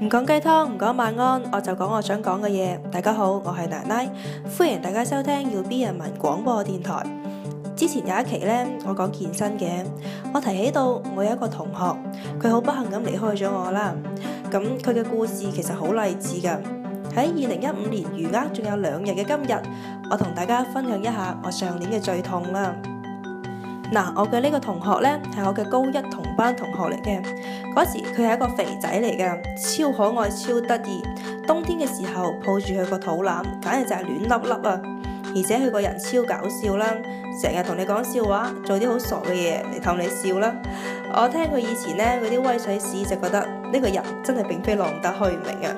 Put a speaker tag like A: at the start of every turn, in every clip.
A: 唔講雞湯，唔講晚安，我就講我想講嘅嘢。大家好，我係奶奶，歡迎大家收聽 YB 人民廣播電台。之前有一期咧，我講健身嘅，我提起到我有一個同學，佢好不幸咁離開咗我啦。咁佢嘅故事其實好勵志噶。喺二零一五年餘額仲有兩日嘅今日，我同大家分享一下我上年嘅最痛啦。嗱，我嘅呢個同學呢，係我嘅高一同班同學嚟嘅。嗰時佢係一個肥仔嚟嘅，超可愛、超得意。冬天嘅時候，抱住佢個肚腩，簡直就係暖粒粒啊！而且佢個人超搞笑啦，成日同你講笑話，做啲好傻嘅嘢嚟氹你笑啦。我聽佢以前咧嗰啲威水史就覺得呢個人真係並非浪得虛名啊。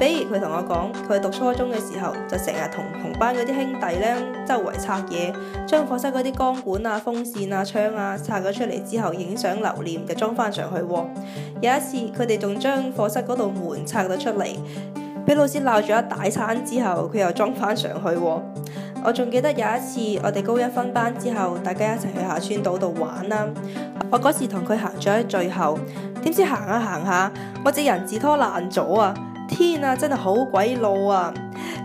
A: 比如佢同我講，佢讀初中嘅時候就成日同同班嗰啲兄弟咧周圍拆嘢，將課室嗰啲光管啊、風扇啊、窗啊拆咗出嚟之後影相留念，就裝翻上去。有一次佢哋仲將課室嗰度門拆咗出嚟，俾老師鬧咗一大餐之後，佢又裝翻上去。我仲記得有一次，我哋高一分班之後，大家一齊去下川島度玩啦。我嗰時同佢行咗喺最後，點知行下、啊、行下、啊，我隻人字拖爛咗啊！天啊，真係好鬼路啊！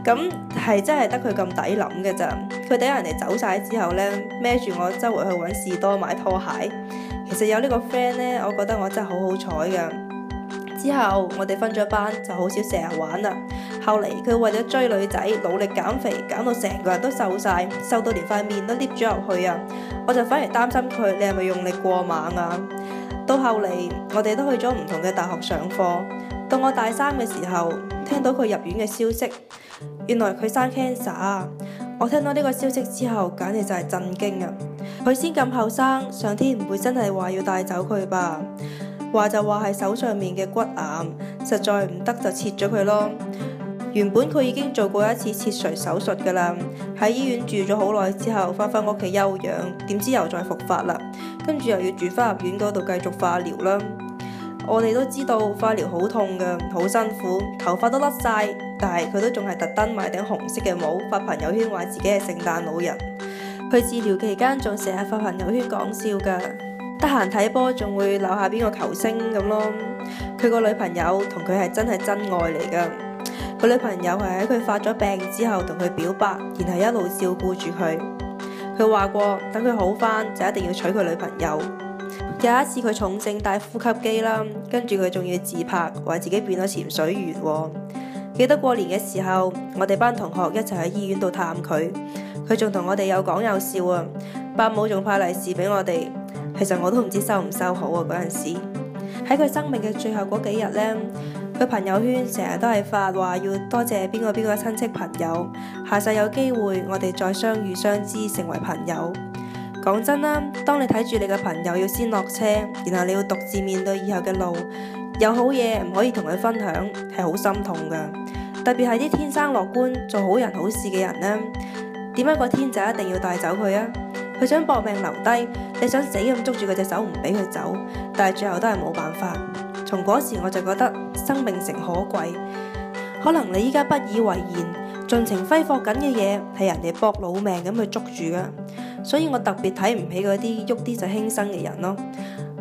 A: 咁係真係得佢咁抵諗嘅咋。佢等人哋走晒之後呢，孭住我周圍去揾士多買拖鞋。其實有呢個 friend 呢，我覺得我真係好好彩噶。之後我哋分咗班，就好少成日玩啦。後嚟佢為咗追女仔，努力減肥，減到成個人都瘦晒，瘦到連塊面都凹咗入去啊！我就反而擔心佢，你係咪用力過猛啊？到後嚟，我哋都去咗唔同嘅大學上課。到我大三嘅時候，聽到佢入院嘅消息，原來佢生 cancer！我聽到呢個消息之後，簡直就係震驚啊！佢先咁後生，上天唔會真係話要帶走佢吧？話就話係手上面嘅骨癌，實在唔得就切咗佢咯。原本佢已經做過一次切除手術㗎啦，喺醫院住咗好耐之後，返返屋企休養。點知又再復發啦，跟住又要住返入院嗰度繼續化療啦。我哋都知道化療好痛噶，好辛苦，頭髮都甩晒。但係佢都仲係特登買頂紅色嘅帽，發朋友圈話自己係聖誕老人。佢治療期間仲成日發朋友圈講笑㗎，得閒睇波仲會鬧下邊個球星咁咯。佢個女朋友同佢係真係真愛嚟㗎。佢女朋友係喺佢發咗病之後同佢表白，然後一路照顧住佢。佢話過等佢好翻，就一定要娶佢女朋友。有一次佢重症戴呼吸機啦，跟住佢仲要自拍，話自己變咗潛水員。記得過年嘅時候，我哋班同學一齊喺醫院度探佢，佢仲同我哋有講有笑啊。伯母仲派利是俾我哋，其實我都唔知收唔收好啊。嗰陣時喺佢生命嘅最後嗰幾日呢，朋友圈成日都係發話，要多謝邊個邊個親戚朋友，下世有機會我哋再相遇相知，成為朋友。講真啦，當你睇住你嘅朋友要先落車，然後你要獨自面對以後嘅路，有好嘢唔可以同佢分享，係好心痛噶。特別係啲天生樂觀、做好人好事嘅人咧，點解個天就一定要帶走佢啊？佢想搏命留低，你想死咁捉住佢隻手唔俾佢走，但係最後都係冇辦法。從嗰時我就覺得生命誠可貴，可能你依家不以為然，盡情揮霍緊嘅嘢係人哋搏老命咁去捉住噶，所以我特別睇唔起嗰啲喐啲就輕生嘅人咯。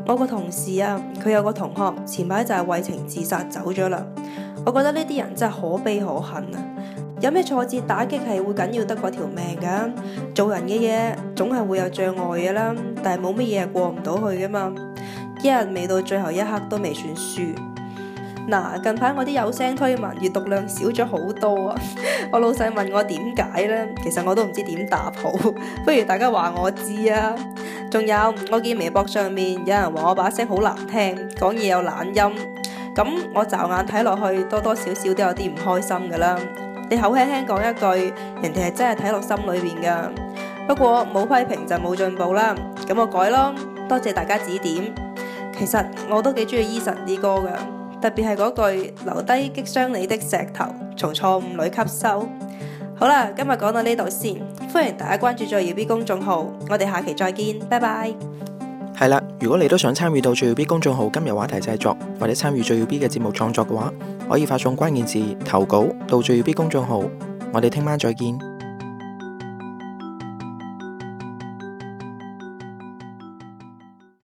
A: 我個同事啊，佢有個同學前排就係為情自殺走咗啦。我覺得呢啲人真係可悲可恨啊！有咩挫折打擊係會緊要得過條命噶？做人嘅嘢總係會有障礙嘅啦，但係冇乜嘢係過唔到去噶嘛。一日未到最後一刻都未算輸嗱、啊。近排我啲有聲推文閱讀量少咗好多啊！ 我老細問我點解呢？其實我都唔知點答好。 不如大家話我知啊。仲有我見微博上面有人話我把聲好難聽，講嘢有懶音咁，我驟眼睇落去多多少少都有啲唔開心噶啦。你口輕輕講一句，人哋係真係睇落心裏邊噶。不過冇批評就冇進步啦，咁我改咯。多謝大家指點。其實我都幾中意 Eason 啲歌噶，特別係嗰句留低擊傷你的石頭，從錯誤裏吸收。好啦，今日講到呢度先，歡迎大家關注最耀 B 公眾號，我哋下期再見，拜拜。係啦，如果你都想參與到最耀 B 公眾號今日話題製作，或者參與最耀 B 嘅節目創作嘅話，可以發送關鍵字投稿到最耀 B 公眾號，我哋聽晚再見。